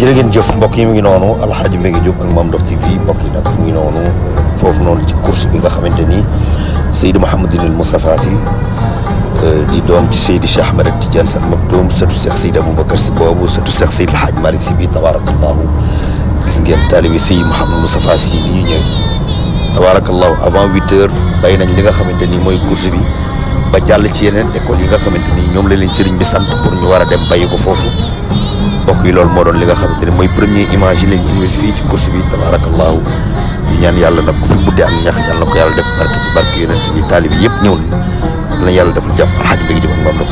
jërë ngeen jëf mbokk mu ngi noonu alxaaji Mbéngue Diop ak Mame Ndokh TV mbokk yi nag mu ngi noonu euh, foofu noonu ci course bi nga xamante ni Seydou Mouhamadinil Moustapha Sy euh, di doom ci Seydi Cheikh Ahmed Tidiane Sy Al Maktoum sëtu Cheikh Seydi Aboubacar Sy boobu sëtu Cheikh Seydi El Hadj Malick Sy bi tabaarakallaahu gis ngeen taalibi Seydou Mouhamadou Moustapha Sy ni ñu ñëw tabaarakallaahu avant huit heures nañ li nga xamante ni mooy course bi ba jàll ci yeneen école yi nga xamante ni ñoom la leen sëriñ bi sant pour ñu war a dem bàyyi ko foofu mbokk yi loolu moo doon li nga xamante ne mooy premier image yi lañu ñëwee fii ci course bi tabaarakallaahu di ñaan yàlla nag ku fi buddee ak ñax yàlla na ko yàlla def barke ci barke yonent bi taalib yëpp ñëw nañ dina yàlla defal jàmm alxaj bi ngi jëm ak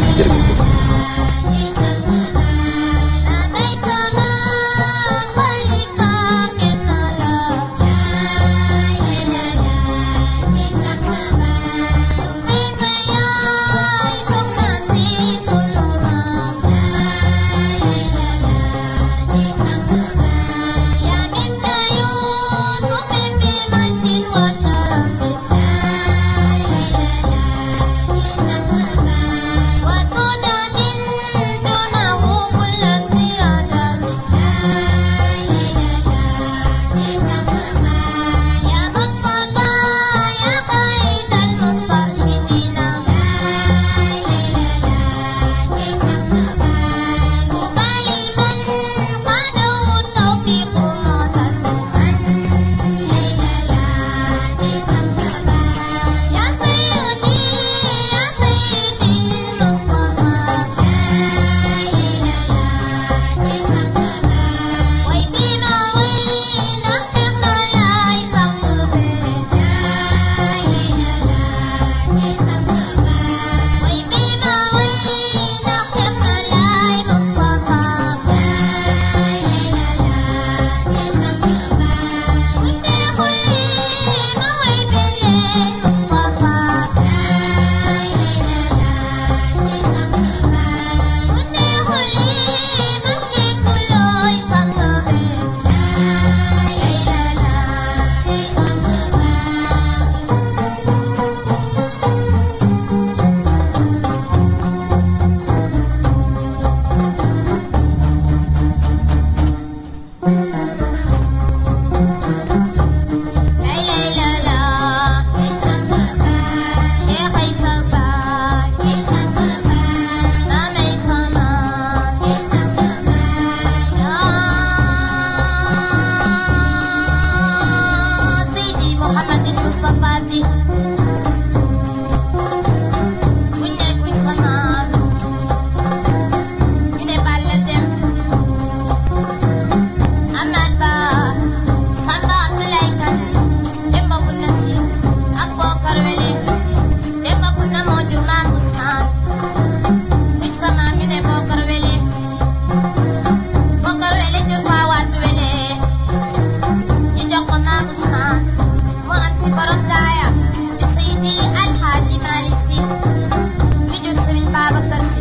Babacar